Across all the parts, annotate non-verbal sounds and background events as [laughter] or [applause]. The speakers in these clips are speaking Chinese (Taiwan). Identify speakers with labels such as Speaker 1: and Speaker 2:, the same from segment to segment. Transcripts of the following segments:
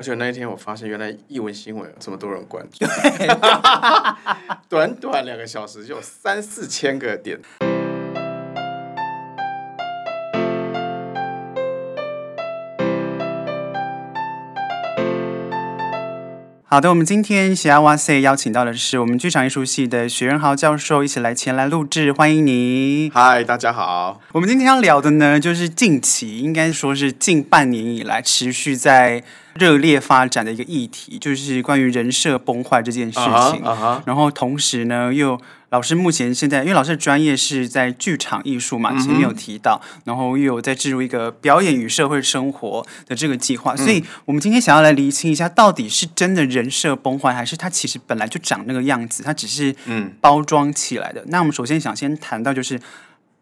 Speaker 1: 而且那一天，我發現原來藝文新聞有這麼多人關注，對 [laughs] 短短兩個小時就有三四千個點。
Speaker 2: 對 [laughs] 好的，我們今天西啊灣 SAY 邀請到的是我們劇場藝術系的許仁豪教授，一起來前來錄製，歡迎你。嗨，大家好。我們今天要聊的呢，就是近期應該說是近半年以來持續在。熱烈發展的一個議題，就是關於人設崩壞這件事情。Uh huh, uh huh. 然後同時呢，又老師目前現在，因為老師的專業是在劇場藝術嘛，前面，uh huh. 有提到，然後又有在置入一個表演與社會生活的這個計劃，uh huh. 所以我們今天想要來釐清一下，到底是真的人設崩壞，還是他其實本來就長那個樣子，他只是嗯包裝起來的？Uh huh. 那我們首先想先談到，就是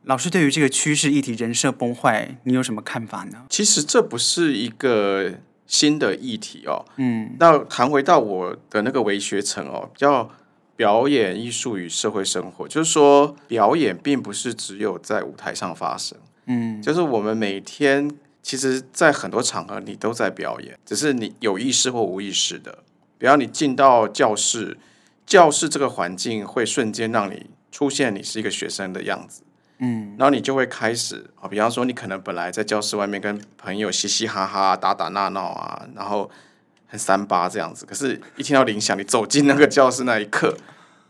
Speaker 2: 老師對於這個趨勢議題人設崩壞，你有什麼看法呢？
Speaker 1: 其實這不是一個。新的議題哦，嗯，那談回到我的那個微學程哦，叫表演藝術與社會生活，就是說表演並不是只有在舞台上發生，嗯，就是我們每天，其實在很多場合你都在表演，只是你有意識或無意識的，比方你進到教室，教室這個環境會瞬間讓你出現你是一個學生的樣子。嗯，然後你就會開始，比方說，你可能本來在教室外面跟朋友嘻嘻哈哈、啊、打打鬧鬧啊，然後很三八這樣子。可是，一聽到鈴響，你走進那個教室那一刻，嗯、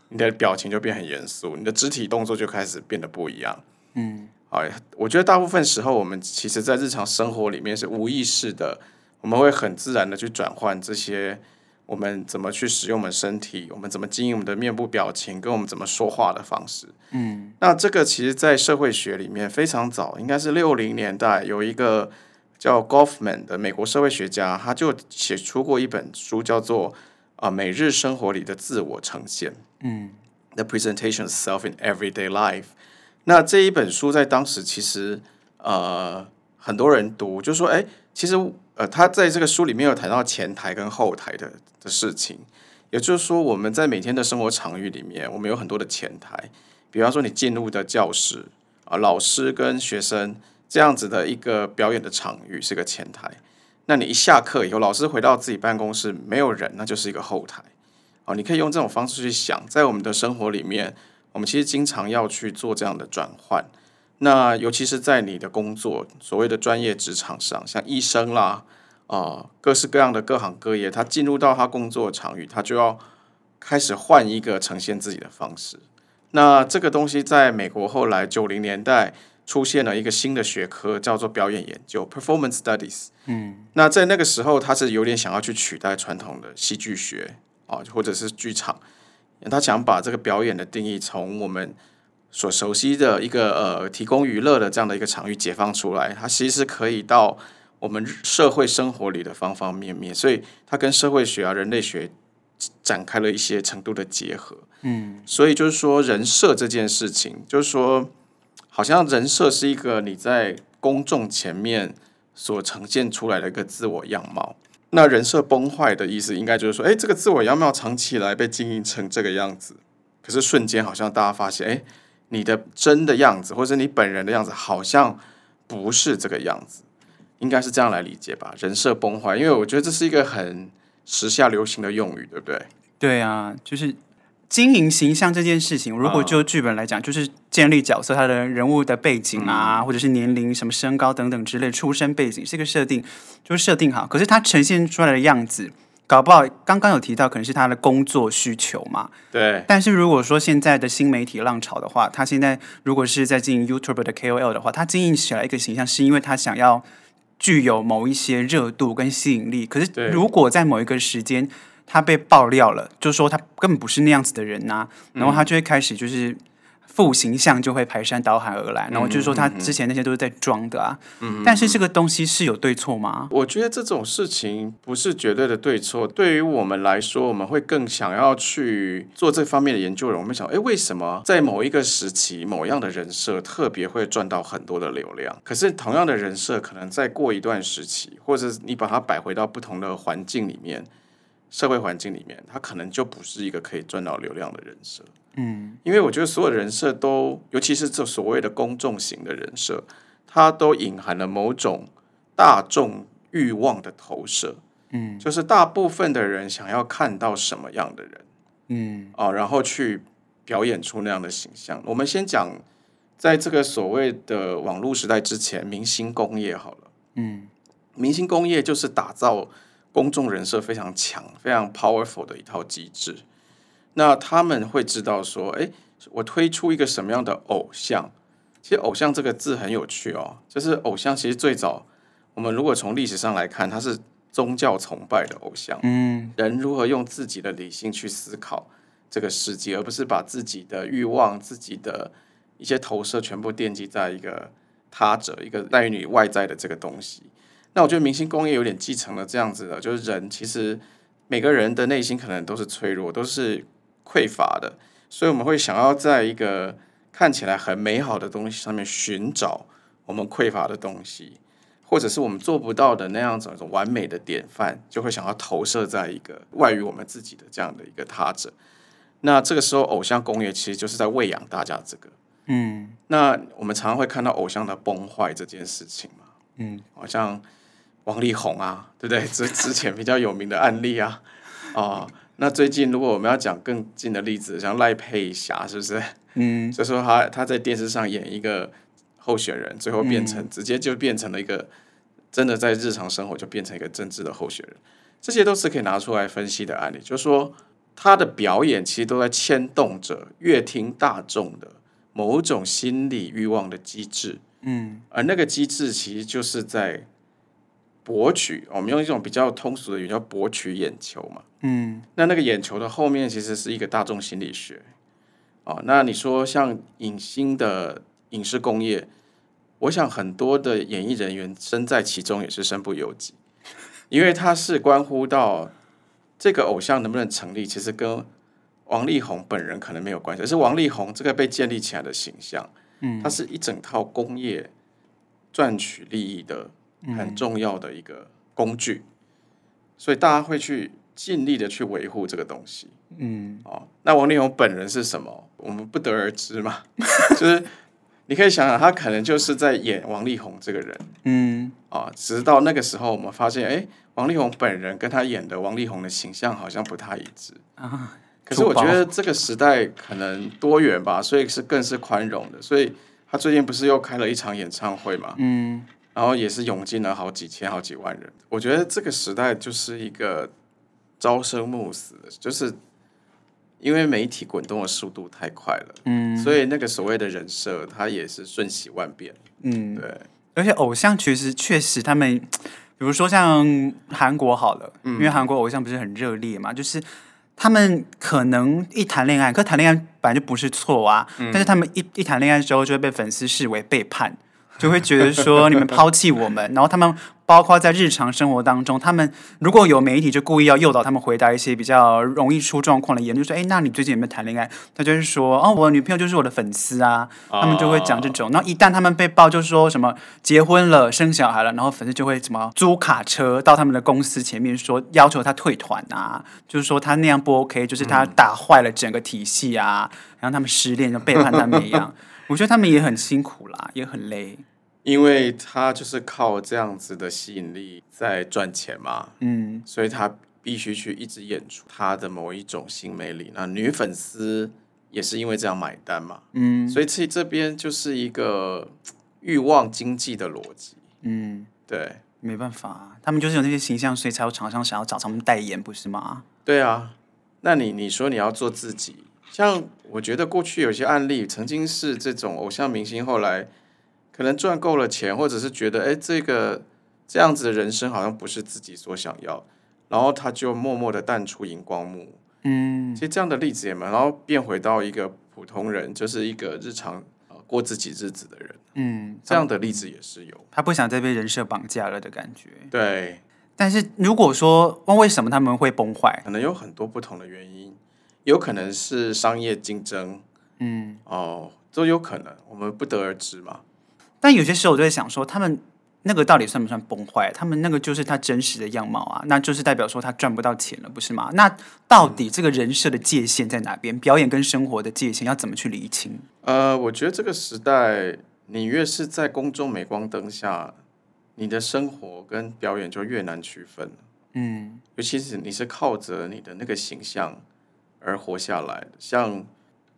Speaker 1: 你的表情就變很嚴肅，你的肢體動作就開始變得不一樣。嗯，好，我覺得大部分時候，我們其實，在日常生活裡面是無意識的，我們會很自然的去轉換這些。我們怎麼去使用我們身體？我們怎麼經營我們的面部表情？跟我們怎麼說話的方式？嗯，那這個其實，在社會學裡面非常早，應該是六零年代有一個叫 Goffman 的美國社會學家，他就寫出過一本書，叫做《啊、呃，每日生活裡的自我呈現》。嗯，《The Presentation of Self in Everyday Life》。那這一本書在當時其實呃很多人讀，就說誒，其實。呃，他在這個書裡面有談到前台跟後台的的事情，也就是說，我們在每天的生活場域裡面，我們有很多的前台，比方說你進入的教室啊、呃，老師跟學生這樣子的一個表演的場域是個前台，那你一下課以後，老師回到自己辦公室沒有人，那就是一個後台，哦、呃，你可以用這種方式去想，在我們的生活裡面，我們其實經常要去做這樣的轉換。那尤其是在你的工作，所謂的專業職場上，像醫生啦，啊、呃，各式各樣的各行各業，他進入到他工作場域，他就要開始換一個呈現自己的方式。那這個東西在美國後來九零年代出現了一個新的學科，叫做表演研究 （performance studies）。嗯，那在那個時候，他是有點想要去取代傳統的戲劇學啊、呃，或者是劇場，他想把這個表演的定義從我們。所熟悉的一個呃，提供娛樂的這樣的一個場域解放出來，它其實可以到我們社會生活裡的方方面面，所以它跟社會學啊、人類學展開了一些程度的結合。嗯，所以就是說人設這件事情，就是說，好像人設是一個你在公眾前面所呈現出來的一個自我樣貌。那人設崩壞的意思，應該就是說，誒、欸，這個自我樣貌長期以來被經營成這個樣子，可是瞬間好像大家發現，誒、欸。你的真的樣子，或者你本人的樣子，好像不是這個樣子，應該是這樣來理解吧？人設崩壞，因為我覺得這是一個很時下流行的用語，對不對？
Speaker 2: 對啊，就是經營形象這件事情。如果就劇本來講，嗯、就是建立角色他的人物的背景啊，嗯、或者是年齡、什麼身高等等之類，出身背景是一個設定就設定好。可是他呈現出來的樣子，搞不好剛剛有提到，可能是他的工作需求嘛。對。但是如果說現在的新媒體浪潮的話，他現在如果是在經營 YouTube 的 KOL 的話，他經營起來一個形象是因為他想要具有某一些熱度跟吸引力。可是如果在某一個時間，他被爆料了，就說他根本不是那樣子的人吶，啊，嗯，
Speaker 1: 然後他就
Speaker 2: 會開始就是。負形象就會排山倒海而來，然後就是說他之前那些都是在裝的啊。嗯嗯嗯、但是這個東西是有對錯嗎？
Speaker 1: 我覺得這種事情不是絕對的對錯。對於我們來說，我們會更想要去做這方面的研究。我們想，哎，為什麼在某一個時期，某樣的人設特別會賺到很多的流量？可是同樣的人設，可能再過一段時期，或者你把它擺回到不同的環境裡面。社會環境裡面，他可能就不是一個可以賺到流量的人設。
Speaker 2: 嗯，
Speaker 1: 因為我覺得所有人設都，尤其是這所謂的公眾型的人設，它都隱含了某種大眾慾望的投射。嗯，就是大部分的人想要看到什麼樣的人，嗯啊，哦，然後去表演出那樣的形象。我們先講，在這個所謂的網絡時代之前，明星工業好
Speaker 2: 了。
Speaker 1: 嗯，明星工業就是打造。公眾人設非常強，非常 powerful 的一套機制。那他們會知道說誒，我推出一個什麼樣的偶像？其實“偶像”這個字很有趣哦，就是偶像其實最早，我們如果從歷史上來看，它是宗教崇拜的偶像。嗯，人如何用自己的理性去思考這個世界，而不是把自己的欲望、自己的一些投射全部奠基在一個他者、一個在於你外在的這個東西。那我覺得明星工業有點繼承了這樣子的，就是人其實每個人的內心可能都是脆弱，都是匱乏的，所以我們會想要在一個看起來很美好的東西上面尋找我們匱乏的東西，或者是我們做不到的那樣子一種完美的典範，就會想要投射在一個外於我們自己的這樣的一個他者。那這個時候，偶像工業其實就是在餵養大家這個。嗯，那我們常常會看到偶像的崩壞這件事情嘛。嗯，好像。王力宏啊，對不對？這之前比較有名的案例啊， [laughs] 啊，那最近如果我們要講更近的例子，像賴佩霞，是不是？嗯，就說他她在電視上演一個候選人，最後變成、嗯、直接就變成了一個真的在日常生活就變成一個政治的候選人，這些都是可以拿出來分析的案例。就是說，他的表演其實都在牽動着閱聽大眾的某種心理慾望的機制，嗯，而那個機制其實就是在。博取，我們用一種比較通俗的語言叫博取眼球嘛。嗯，那那個眼球的後面其實是一個大眾心理學。哦，那你說像影星的影視工業，我想很多的演藝人員身在其中也是身不由己，因為它是關乎到這個偶像能不能成立，其實跟王力宏本人可能沒有關係，而是王力宏這個被建立起來的形象，嗯，它是一整套工業賺取利益的。很重要的一個工具，嗯、所以大家會去盡力的去維護這個東西。
Speaker 2: 嗯，
Speaker 1: 哦，那王力宏本人是什麼？我們不得而知嘛。 [laughs] 就是你可以想想，他可能就是在演王力宏這個人。嗯，啊、哦，直到那個時候，我們發現，哎，王力宏本人跟他演的王力宏的形象好像不太一致啊。可是我覺得這個時代可能多元吧，所以是更是寬容的。所以他最近不是又開了一場演唱會嘛？嗯。然後也是湧進了好幾千、好幾萬人。我覺得這個時代就是一個朝生暮死，就是因為媒體滾動的速度太快了，嗯，所以那個所謂的人設，它也是瞬息萬變，嗯，
Speaker 2: 對。而且偶像其實確實他們，比如說像韓國好了，嗯、因為韓國偶像不是很熱烈嘛，就是他們可能一談戀愛，可是談戀愛本來就不是錯啊，嗯、但是他們一一談戀愛之後，就會被粉絲視為背叛。 [laughs] 就會覺得說你們拋棄我們， [laughs] 然後他們包括在日常生活當中，他們如果有媒體就故意要誘導他們回答一些比較容易出狀況的言論，就說哎，那你最近有沒有談戀愛？他就是說哦，我的女朋友就是我的粉絲啊，他們就會講這種。啊、然後一旦他們被爆，就是說什麼結婚了、生小孩了，然後粉絲就會什麼租卡車到他們的公司前面說要求他退團啊，就是說他那樣不 OK，就是他打壞了整個體系啊，嗯、然後他們失戀就背叛他們一樣。 [laughs] 我覺得他們也很辛苦
Speaker 1: 啦，也很累。因為他就是靠這樣子的吸引力在賺錢嘛，嗯，所以他必須去一直演出他的某一種性魅力。那女粉絲也是因為這樣買單嘛，嗯，所以這這邊就是一個慾望經濟的邏輯，
Speaker 2: 嗯，對，沒辦法，他們就是有那些形象，所以才有廠商想要找他們代言，不是嗎？
Speaker 1: 對啊，那你你說你要做自己，像我覺得過去有些案例曾經是這種偶像明星，後來。可能賺夠了錢，或者是覺得誒，這個這樣子的人生好像不是自己所想要，然後他就默默的淡出熒光幕。嗯，其實這樣的例子也蠻，好變回到一個普通人，就是一個日常、呃、過自己日子的人。嗯，這樣的例子也是有，他不想再被人設綁架了的感覺。對，
Speaker 2: 但是如果說問為
Speaker 1: 什麼他們會崩壞，可能有很多不同的原因，有可能是商業競爭，嗯，哦，都有可能，我們不得而知嘛。但有些時候我就在想
Speaker 2: 說，說他們那個到底算不算崩壞？他們那個就是他真實的樣貌啊，那就是代表說他賺不到錢了，不是嗎？那到底這個人設的界限在哪邊？表演跟生活的界限要怎麼去釐清？
Speaker 1: 呃，我覺得這個時代，你越是在公眾鎂光燈下，你的生活跟表演就越難區分。嗯，尤其是你是靠着你的那個形象而活下來，像。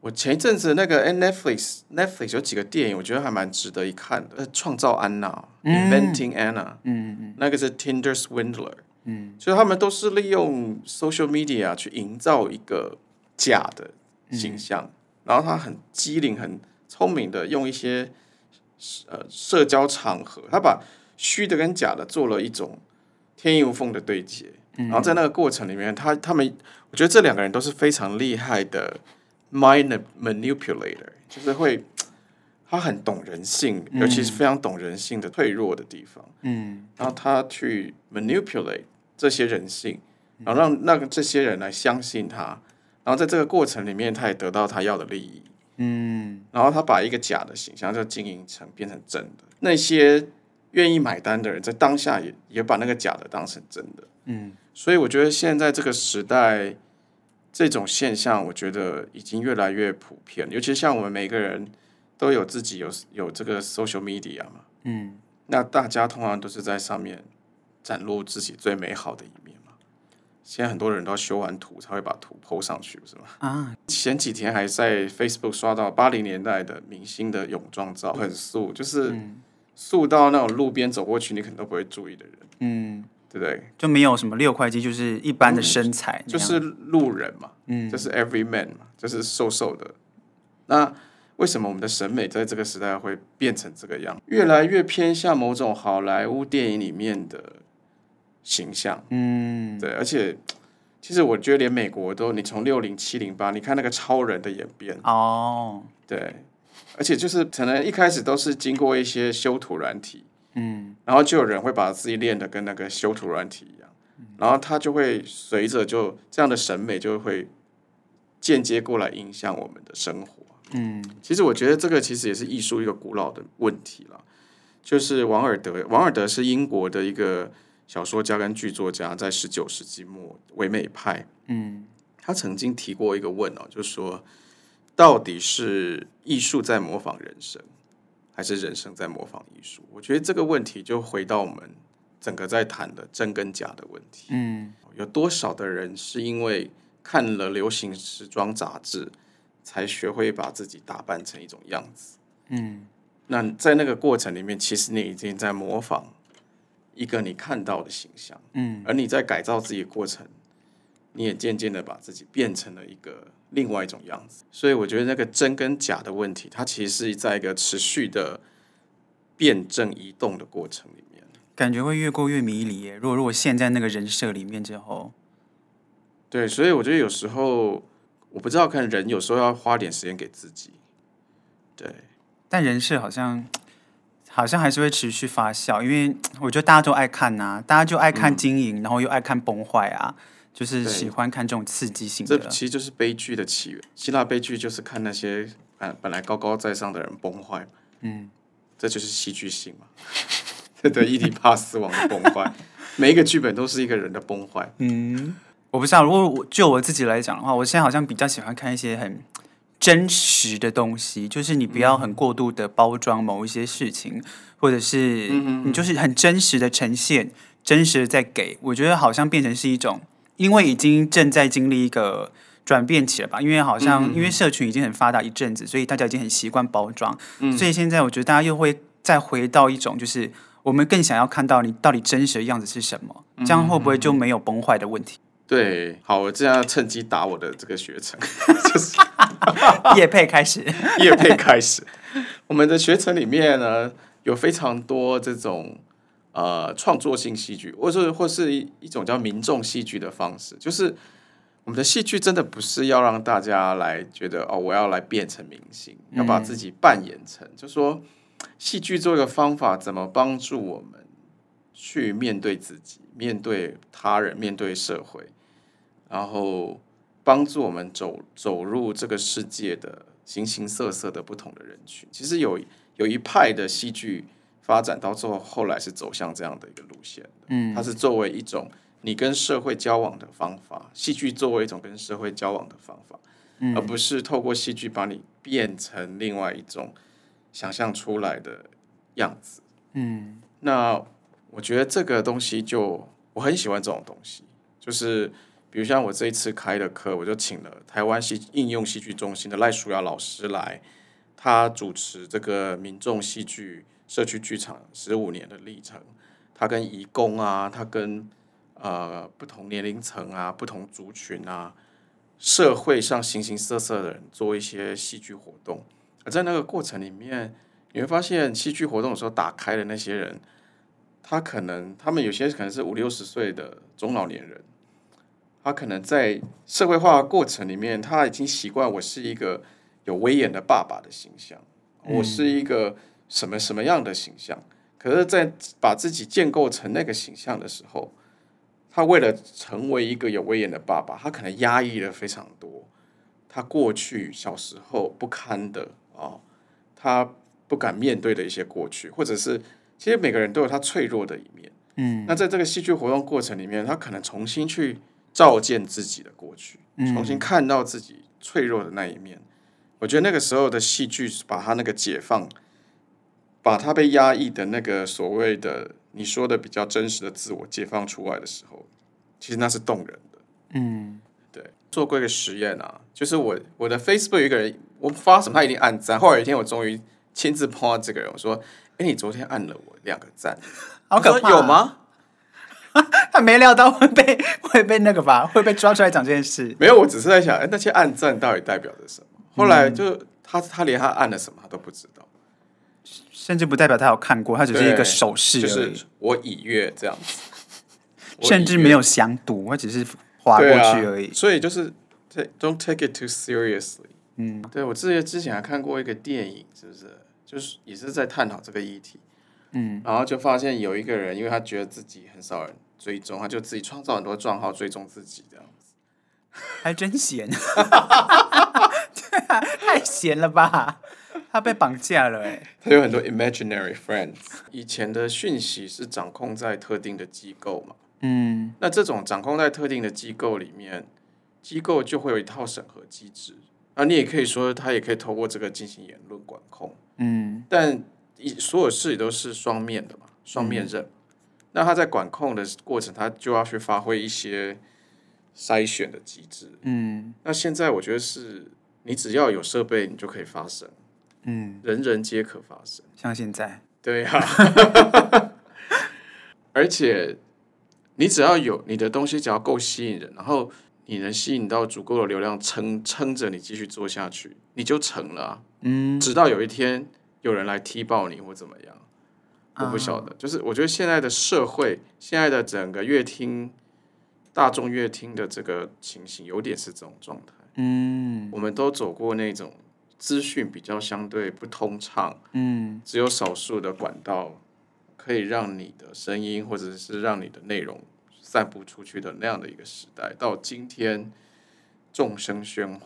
Speaker 1: 我前一陣子那個 Netflix Netflix 有幾個電影，我覺得還蠻值得一看的。呃，創造安娜，嗯，Inventing Anna，嗯，那個是 Tinder Swindler，嗯，所以他們都是利用 social media 去營造一個假的形象，嗯，然後他很機靈、很聰明的用一些呃社交場合，他把虛的跟假的做了一種天衣無縫的對接，嗯，然後在那個過程裡面，他他們我覺得這兩個人都是非常厲害的。Minor manipulator 就是會，他很懂人性，嗯、尤其是非常懂人性的脆弱的地方。嗯，然後他去 manipulate 這些人性，然後讓那個這些人來相信他，然後在這個過程裡面，他也得到他要的利益。嗯，然後他把一個假的形象，就經營成變成真的。那些願意買單的人，在當下也也把那個假的當成真的。嗯，所以我覺得現在這個時代。這種現象，我覺得已經越來越普遍了，尤其像我們每個人都有自己有有這個 social media 嘛，嗯，那大家通常都是在上面展露自己最美好的一面嘛。現在很多人都要修完圖才會把圖 PO 上去，是嗎？啊，前幾天還在 Facebook 刷到八零年代的明星的泳裝照，是很素，就是素到那種路邊走過去你可能都不會注意的人，嗯。對不對？就沒有什麼六塊肌，就是一般的身材，嗯、就是路人嘛，嗯，就是 every man 嘛，就是瘦瘦的。那為什麼我們的審美在這個時代會變成這個樣？越來越偏向某種好萊塢電影裡面的形象，嗯，對。而且，其實我覺得連美國都，你從六零、七零、八，你看那個超人的演變，哦，對。而且就是可能一開始都是經過一些修圖軟體。嗯，然後就有人會把自己練練得跟那個修圖軟體一樣，嗯、然後他就會隨着就這樣的審美就會間接過來影響我們的生活。嗯，其實我覺得這個其實也是藝術一個古老的問題了，就是王爾德，王爾德是英國的一個小說家跟劇作家，在十九世紀末唯美派。嗯，他曾經提過一個問哦，就是說到底是藝術在模仿人生？還是人生在模仿藝術？我覺得這個問題就回到我們整個在談的真跟假的問題。嗯，有多少的人是因為看了流行時裝雜誌，才學會把自己打扮成一種樣子？嗯，那在那個過程裡面，其實你已經在模仿一個你看到的形象。嗯，而你在改造自己的過程。你也漸漸的把自己變成了一個另外一種樣子，所以我覺得那個真跟假的問題，它其實是在一個持續的辯證移動的過程裡面，
Speaker 2: 感覺會越過越迷離。如果，如果陷在那個人設裡面之後，
Speaker 1: 對，所以我覺得有時候我不知道看人，有時候要花點時間給自己。對，
Speaker 2: 但人設好像，好像還是會持續發酵，因為我覺得大家都愛看吶、啊，大家就愛看經營，嗯、然後又愛看崩壞啊。就是喜歡看這種刺
Speaker 1: 激性的，這其實就是悲劇的起源。希臘悲劇就是看那些本本來高高在上的人崩壞，嗯，這就是戲劇性嘛。這對，伊底帕斯王的崩壞，每一個劇本都是一個人的崩壞。
Speaker 2: 嗯，我不知道，如果我就我自己來講的話，我現在好像比較喜歡看一些很真實的東西，就是你不要很過度的包裝某一些事情，嗯、或者是嗯嗯嗯，你就是很真實的呈現，真實的在給，我覺得好像變成是一種。因為已經正在經歷一個轉變期了吧？因為好像、嗯、因為社群已經很發達一陣子，所以大家已經很習慣包裝。嗯、所以現在我覺得大家又會再回到一種，就是我們更想要看到你到底真實的樣子是什麼。嗯、這樣會不會就沒有崩壞的問題？
Speaker 1: 對，好，我這樣趁機打我的這個學程， [laughs] 就是業 [laughs] 配開始，業配開始， [laughs] 我們的學程裡面呢，有非常多這種。呃，創作性戲劇，或者是或者是一，一種叫民眾戲劇的方式，就是我們的戲劇真的不是要讓大家來覺得哦，我要來變成明星，要把自己扮演成，嗯。就是說戲劇做一個方法，怎麼幫助我們去面對自己、面對他人、面對社會，然後幫助我們走走入這個世界的形形色色的不同的人群。其實有有一派的戲劇。發展到最後，後來是走向這樣的一個路線的。嗯，它是作為一種你跟社會交往的方法，戲劇作為一種跟社會交往的方法，嗯，而不是透過戲劇把你變成另外一種想象出來的樣子。嗯，那我覺得這個東西就我很喜歡這種東西，就是比如像我這一次開的課，我就請了台灣戲應用戲劇中心的賴淑雅老師來，他主持這個民眾戲劇。社區劇場十五年的歷程，他跟義工啊，他跟呃不同年齡層啊、不同族群啊，社會上形形色色的人做一些戲劇活動。而在那個過程裡面，你會發現戲劇活動的時候打開的那些人，他可能他們有些可能是五六十歲的中老年人，他可能在社會化過程裡面，他已經習慣我是一個有威嚴的爸爸的形象，嗯、我是一個。什麼什麼樣的形象？可是，在把自己建構成那個形象的時候，他為了成為一個有威嚴的爸爸，他可能壓抑了非常多，他過去小時候不堪的啊、哦，他不敢面對的一些過去，或者是其實每個人都有他脆弱的一面，嗯，那在這個戲劇活動過程裡面，他可能重新去照見自己的過去，嗯、重新看到自己脆弱的那一面。我覺得那個時候的戲劇把他那個解放。把他被壓抑的那個所謂的你說的比較真實的自我解放出來的時候，其實那是動人的。嗯，對。做過一個實驗啊，就是我我的 Facebook 有一個人，我發什麼他一定按讚。後來有一天我終於親自碰到這個人，我說：“哎，你昨天按了我兩個讚，好可怕啊，有嗎，啊？”他沒料到會被會被那個吧，會被抓出來講這件事。沒有，我只是在想，哎，那些按讚到底代表着什麼？後來就他他連他按了什麼他都不知道。甚至不代表他有看過，他只是一個手勢，就是我已閱這樣子， [laughs] 甚至沒
Speaker 2: 有詳讀，我只是
Speaker 1: 劃過去而已。啊，所以就是，Don't take it too seriously。嗯，對，我記得之前還看過一個電影，是不是？就是也是在探討這個議題。嗯，然後就發現有一個人，因為他覺得自己很少人追蹤，他就自己創造很多賬號追蹤自己這樣子，還真閒，
Speaker 2: 太
Speaker 1: 閒了吧？他被綁架了。欸，哎，他有很多 imaginary friends。以前的訊息是掌控在特定的機構嘛，嗯，那這種掌控在特定的機構裡面，機構就會有一套審核機制，啊，你也可以說他也可以透過這個進行言論管控，嗯，但一所有事都是雙面的嘛，雙面刃。嗯、那他在管控的過程，他就要去發揮一些篩選的機制，嗯，那現在我覺得是你只要有設備，你就可以發聲。嗯，人人皆可發生，像現在，對呀、啊， [laughs] [laughs] 而且你只要有你的東西，只要夠吸引人，然後你能吸引到足夠的流量撐，撐撐着你繼續做下去，你就成了，啊。嗯，直到有一天有人來踢爆你或怎麼樣，我不曉得。啊、就是我覺得現在的社會，現在的整個樂廳、大眾樂廳的這個情形，有點是這種狀態。嗯，我們都走過那種。資訊比較相對不通暢，嗯，只有少數的管道可以讓你的聲音或者是讓你的內容散布出去的那樣的一個時代，到今天，眾聲喧嘩，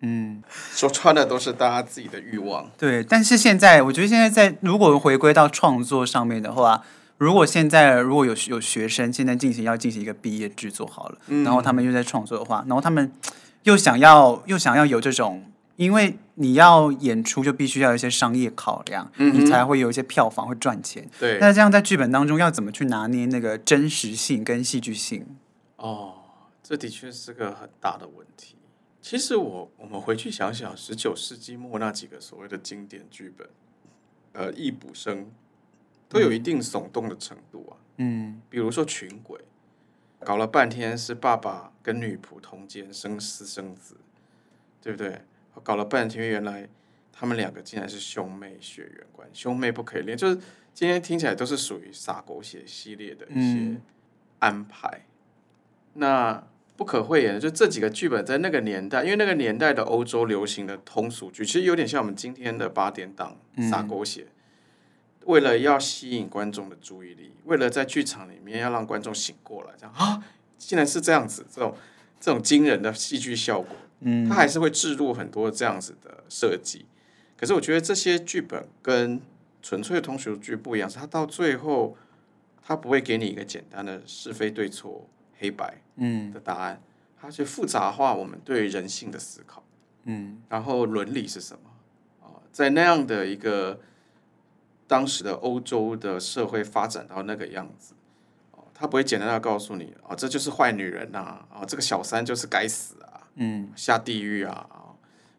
Speaker 1: 嗯，說穿了都是大家自己的慾望。
Speaker 2: 對，但是現在我覺得現在在如果回歸到創作上面的話，如果現在如果有有學生現在進行要進行一個畢業製作好了，嗯，然後他們又在創作的話，然後他們又想要又想要有這種。因為你要演出，就必須要有一些商業考量，嗯、你才會有一些票房會賺錢。對，那這樣在劇本當中要怎麼去拿捏那個真實性跟戲劇性？
Speaker 1: 哦，這的確是個很大的問題。其實我我們回去想想，十九世紀末那幾個所謂的經典劇本，呃，易卜生都有一定聳動的程度啊。嗯，比如說《群鬼》，搞了半天是爸爸跟女僕通姦生私生子，對不對？搞了半天，原來他們兩個竟然是兄妹血緣關係，兄妹不可以戀，就是今天聽起來都是屬於撒狗血系列的一些安排。嗯、那不可諱言的，就這幾個劇本在那個年代，因為那個年代的歐洲流行的通俗劇，其實有點像我們今天的八點檔、嗯、撒狗血。為了要吸引觀眾的注意力，為了在劇場裡面要讓觀眾醒過來，這樣，啊，竟然是這樣子，這種這種驚人的戲劇效果。嗯，他還是會置入很多這樣子的設計，可是我覺得這些劇本跟純粹的通俗劇不一樣，是它到最後，它不會給你一個簡單的是非對錯黑白嗯的答案，它是、嗯、複雜化我們對人性的思考嗯，然後倫理是什麼啊？在那樣的一個當時的歐洲的社會發展到那個樣子哦，他不會簡單的告訴你哦，這就是壞女人吶、啊，哦，這個小三就是該死啊。嗯，下地獄啊，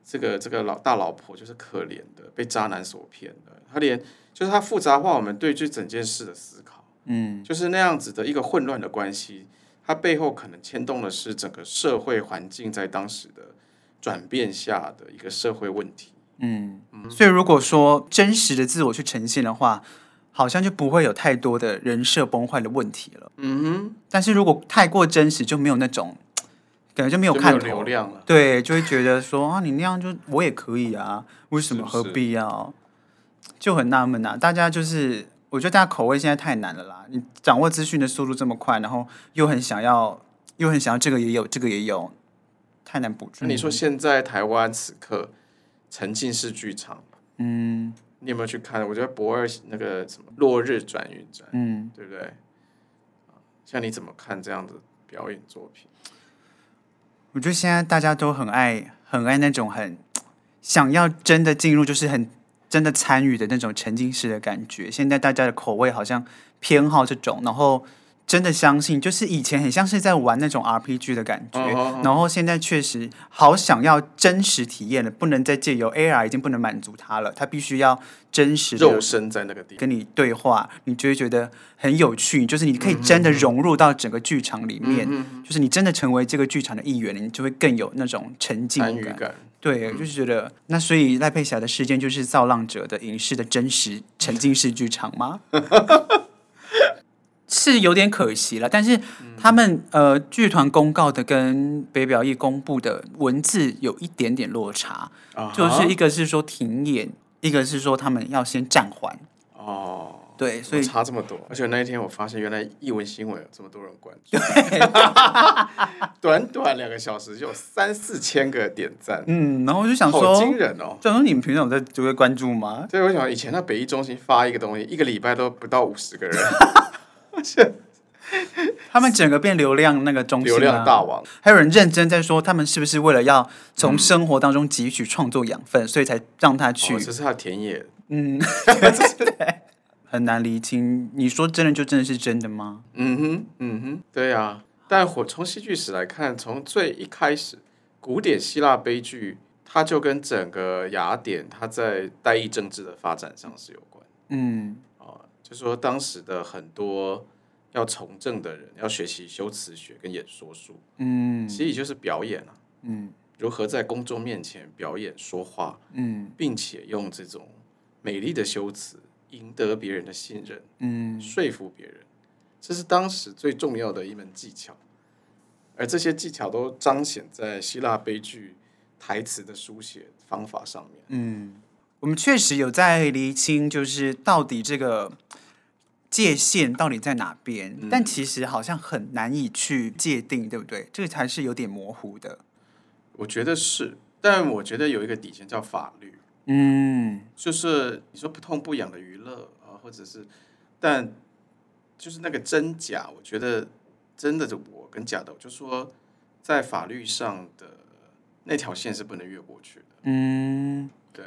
Speaker 1: 這個這個老大老婆就是可憐的，被渣男所騙的。他連就是他複雜化我們對這整件事的思考，嗯，就是那樣子的一個混亂的關係，它背後可能牽動的是整個社會環境在當時的轉變下的一個社會問題。嗯嗯，
Speaker 2: 嗯，所以如果說真實的自我去呈現的話，好像就不會有太多的人設崩壞的問題
Speaker 1: 了。嗯哼，
Speaker 2: 但是如果太過真實，就沒有那種。可就沒有看頭，沒有流量，對，就會覺得說啊，你那樣就我也可以啊，為什麼何必要、啊？是是，就很納悶啊。大家就是，我覺得大家口味現在太難了啦。你掌握資訊的速度這麼快，然後又很想要，又很想要這個
Speaker 1: 也有，這個也有，
Speaker 2: 太難捕捉。那你說
Speaker 1: 現在台灣此刻沉浸式劇場，
Speaker 2: 嗯，
Speaker 1: 你有沒有去看？我覺得駁二那個什麼《落日轉運轉》，嗯，對不對？像你怎麼看這樣的表演作品？
Speaker 2: 我覺得現在大家都很愛，很愛那種很想要真的進入，就是很真的參與的那種沉浸式的感覺。現在大家的口味好像偏好這種，然後。真的相信，就是以前很像是在玩那種 RPG 的感覺，哦哦哦，然後現在確實好想要真實體驗了，不能再借由 AR 已經不能滿足他了，他必須要真實的肉身在那個地方跟你對話，你就會覺得很有趣，就是你可以真的融入到整個劇場裡面，嗯、哼就是你真的成為這個劇場的一員，你就會更有那種沉浸感。參與感。對，就是覺得、嗯、那所以賴佩霞的事件就是《造浪者》的影視的真實沉浸式劇場嗎？ [laughs] 是有點可惜了，但是他們、嗯、呃劇團公告的跟北表藝公布的文字有一點點落差，uh huh. 就是一個是說停演，一個是說他們要先暫緩。哦、uh，huh.
Speaker 1: 對，所以差這麼多。而且那一天我發現，原來藝文新聞有這麼多人關注，短短兩個小時就有三四千個點讚。嗯，然後我就想說，好驚人哦！就說你們平常有在就會關注嗎？所以我想說以前在北藝中心發一個東西，一個禮拜都不到五十個人。 [laughs] [laughs] 他們
Speaker 2: 整個變流量那個中、啊、流量大王，還有人認真在說，他們是不是為了要從生活當中汲取創作養分，嗯、所以才讓他去？哦、這是他田野，嗯， [laughs] [laughs] [laughs] 很難釐清。你說真的就真的是真的嗎？嗯
Speaker 1: 哼，嗯哼，對啊。但我從戲劇史來看，從最一開始，古典希臘悲劇，它就跟整個雅典，它在代議政治的發展上是有關。嗯。就是說當時的很多要從政的人要學習修辭學跟演說術，嗯，其實也就是表演啊，嗯，如何在公眾面前表演說話，嗯，並且用這種美麗的修辭贏得別人的信任，嗯，說服別人，這是當時最重要的一門技巧，而這些技巧都彰顯在希臘悲劇台詞的書寫方法上面，嗯。我們確實有在釐清，就是到底這個
Speaker 2: 界限，到底在哪邊，嗯、但其實好像很難以去界定，對不對？這個才
Speaker 1: 是有點模糊的。我覺得是，但我覺得有一個底線叫法律，
Speaker 2: 嗯，
Speaker 1: 就是你說不痛不癢的娛樂啊，或者是，但就是那個真假，我覺得真的就我跟假的，我就說在法律上的那條線是不能越過去的，
Speaker 2: 嗯，對。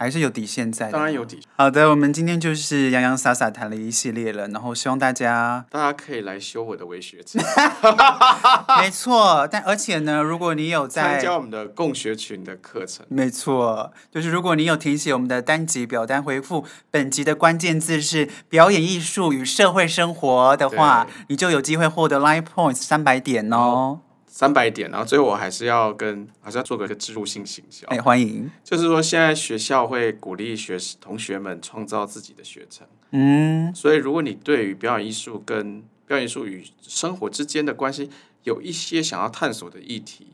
Speaker 2: 還是有底線在的，當然有底線。好的，我們今天就是洋洋灑灑談了一系列了，然後希望大家
Speaker 1: 大家可以來修我的微學值。
Speaker 2: [laughs] [laughs] 沒錯，但而且呢，如果你有在參加我
Speaker 1: 們的共學群的課程，
Speaker 2: 沒錯，就是如果你有填寫我們的單集表單，回復本集的關鍵字是表演藝術與社會生活的話，對你就有機會獲得 Line Points 300點哦。哦
Speaker 1: 三百點，然後最後，我還是要跟，還是要做個一個置入性行銷。哎，歡迎！就是說，現在學校會鼓勵學同學們創造自己的學程。嗯，所以如果你對於表演藝術跟表演藝術與生活之間的關係有一些想要探索的議題，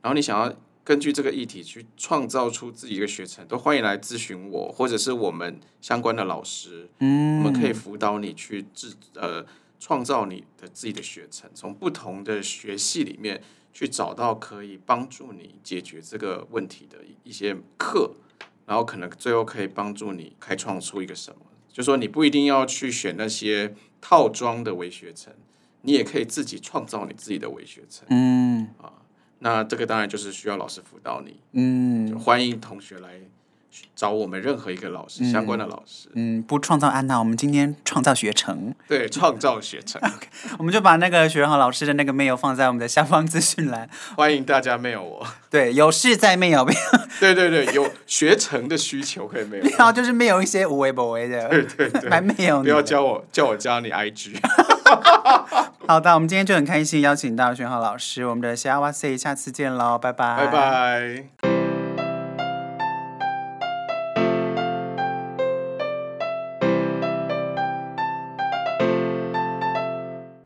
Speaker 1: 然後你想要根據這個議題去創造出自己的學程，都歡迎來諮詢我，或者是我們相關的老師，嗯，我們可以輔導你去制呃。創造你的自己的學程，從不同的學系裡面去找到可以幫助你解決這個問題的一些課，然後可能最後可以幫助你開創出一個什麼，就說你不一定要去選那些套裝的微學程，你也可以自己創造你自己的微學程。嗯，啊，那這個當然就是需要老師輔導你。嗯，就歡迎同學來。找我們任何一個老師、嗯、相關的老師，
Speaker 2: 嗯，不創造安娜，對我們今天創造學程，對，創造學程， [laughs] okay, 我們就把那個學好老師的那個 mail 放在我們的下方資訊欄，
Speaker 1: 歡迎大家 mail 我，對，有事再 mail、mail，對對對，有學程的需求可以 mail，不
Speaker 2: 要 [laughs] 就是 mail 一些無微不為的，
Speaker 1: 對對對，還 [laughs] mail，不要叫我叫我加你 IG。 [laughs] [laughs] 好
Speaker 2: 的，我們今天就很開心邀請到學好老師，我們的西啊灣 SAY，下次見嘍，拜拜、拜拜。